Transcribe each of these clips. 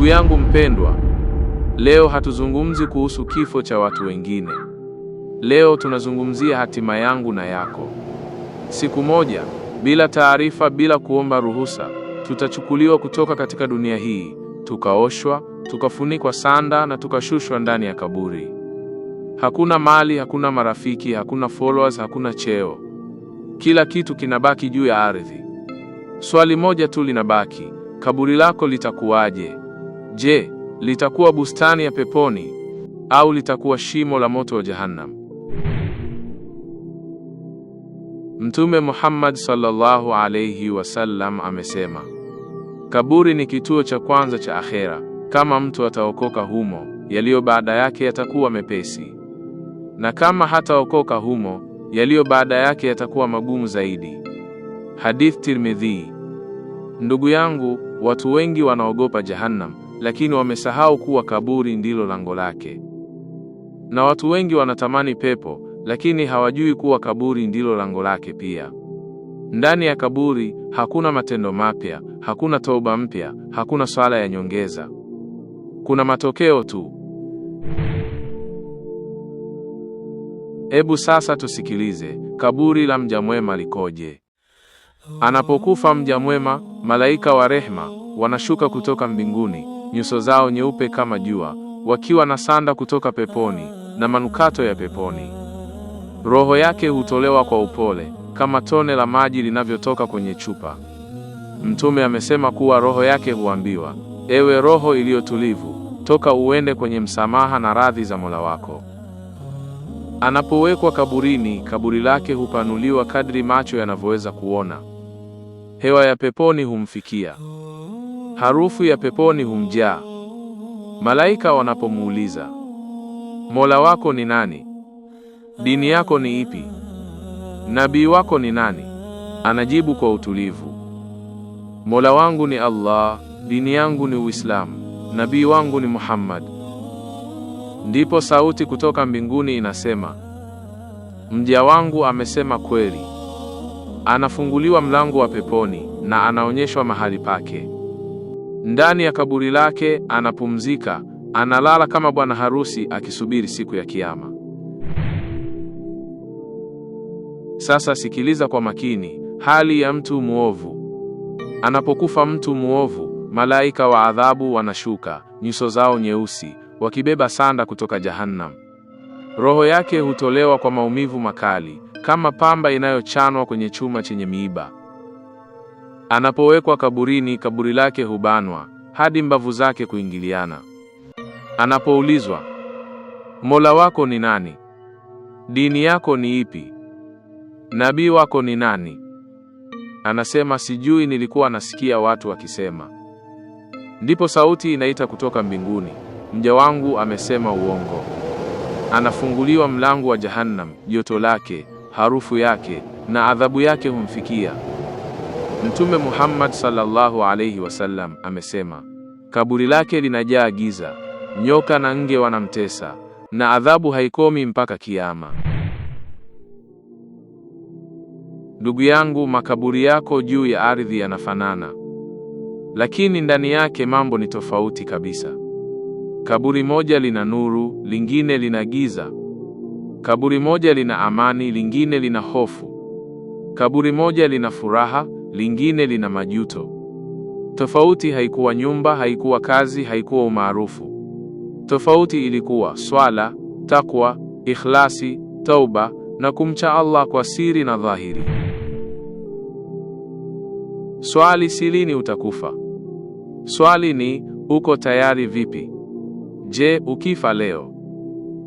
Ndugu yangu mpendwa, leo hatuzungumzi kuhusu kifo cha watu wengine. Leo tunazungumzia hatima yangu na yako. Siku moja, bila taarifa, bila kuomba ruhusa, tutachukuliwa kutoka katika dunia hii, tukaoshwa, tukafunikwa sanda na tukashushwa ndani ya kaburi. Hakuna mali, hakuna marafiki, hakuna followers, hakuna cheo. Kila kitu kinabaki juu ya ardhi. Swali moja tu linabaki: kaburi lako litakuwaje? Je, litakuwa bustani ya peponi au litakuwa shimo la moto wa Jahannam? Mtume Muhammad sallallahu alayhi wasallam amesema, kaburi ni kituo cha kwanza cha akhera. Kama mtu ataokoka humo, yaliyo baada yake yatakuwa mepesi, na kama hataokoka humo, yaliyo baada yake yatakuwa magumu zaidi. Hadith Tirmidhi. Ndugu yangu, watu wengi wanaogopa Jahannam lakini wamesahau kuwa kaburi ndilo lango lake. Na watu wengi wanatamani pepo, lakini hawajui kuwa kaburi ndilo lango lake pia. Ndani ya kaburi hakuna matendo mapya, hakuna toba mpya, hakuna swala ya nyongeza. Kuna matokeo tu. Hebu sasa tusikilize kaburi la mja mwema likoje. Anapokufa mja mwema, malaika wa rehema wanashuka kutoka mbinguni nyuso zao nyeupe kama jua, wakiwa na sanda kutoka peponi na manukato ya peponi. Roho yake hutolewa kwa upole kama tone la maji linavyotoka kwenye chupa. Mtume amesema kuwa roho yake huambiwa, ewe roho iliyotulivu, toka uende kwenye msamaha na radhi za Mola wako. Anapowekwa kaburini, kaburi lake hupanuliwa kadri macho yanavyoweza kuona. Hewa ya peponi humfikia harufu ya peponi humjaa. Malaika wanapomuuliza Mola wako ni nani? Dini yako ni ipi? Nabii wako ni nani? Anajibu kwa utulivu, Mola wangu ni Allah, dini yangu ni Uislamu, nabii wangu ni Muhammad. Ndipo sauti kutoka mbinguni inasema, mja wangu amesema kweli. Anafunguliwa mlango wa peponi na anaonyeshwa mahali pake. Ndani ya kaburi lake anapumzika, analala kama bwana harusi akisubiri siku ya Kiyama. Sasa sikiliza kwa makini, hali ya mtu mwovu. Anapokufa mtu mwovu, malaika wa adhabu wanashuka, nyuso zao nyeusi, wakibeba sanda kutoka Jahannam. Roho yake hutolewa kwa maumivu makali, kama pamba inayochanwa kwenye chuma chenye miiba. Anapowekwa kaburini, kaburi lake hubanwa hadi mbavu zake kuingiliana. Anapoulizwa, Mola wako ni nani? Dini yako ni ipi? Nabii wako ni nani? Anasema, sijui, nilikuwa nasikia watu wakisema. Ndipo sauti inaita kutoka mbinguni, mja wangu amesema uongo. Anafunguliwa mlango wa Jahannam, joto lake, harufu yake na adhabu yake humfikia. Mtume Muhammad sallallahu alayhi wasallam amesema, kaburi lake linajaa giza, nyoka na nge wanamtesa, na adhabu haikomi mpaka kiama. Ndugu yangu, makaburi yako juu ya ardhi yanafanana, lakini ndani yake mambo ni tofauti kabisa. Kaburi moja lina nuru, lingine lina giza. Kaburi moja lina amani, lingine lina hofu. Kaburi moja lina furaha lingine lina majuto. Tofauti haikuwa nyumba, haikuwa kazi, haikuwa umaarufu. Tofauti ilikuwa swala, takwa, ikhlasi, tauba na kumcha Allah kwa siri na dhahiri. Swali si lini utakufa. Swali ni uko tayari vipi? Je, ukifa leo,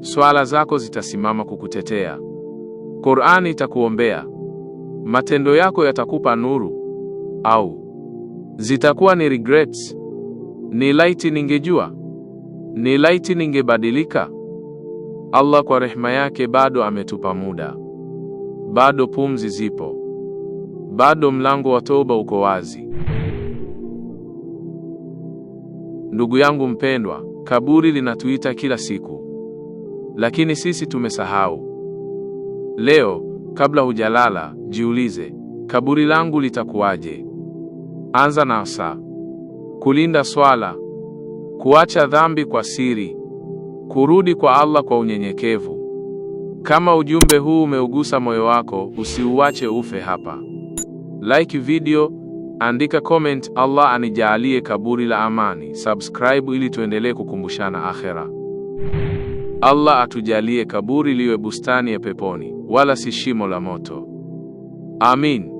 swala zako zitasimama kukutetea? Qur'ani itakuombea? Matendo yako yatakupa nuru? au zitakuwa ni regrets? Ni laiti ningejua, ni laiti ningebadilika. Allah kwa rehema yake bado ametupa muda, bado pumzi zipo, bado mlango wa toba uko wazi. Ndugu yangu mpendwa, kaburi linatuita kila siku, lakini sisi tumesahau. Leo kabla hujalala, jiulize kaburi langu litakuwaje? Anza na saa: kulinda swala, kuacha dhambi kwa siri, kurudi kwa Allah kwa unyenyekevu. Kama ujumbe huu umeugusa moyo wako, usiuache ufe hapa. Like video, andika comment, Allah anijaalie kaburi la amani. Subscribe ili tuendelee kukumbushana akhera. Allah atujalie kaburi liwe bustani ya peponi, wala si shimo la moto. Amin.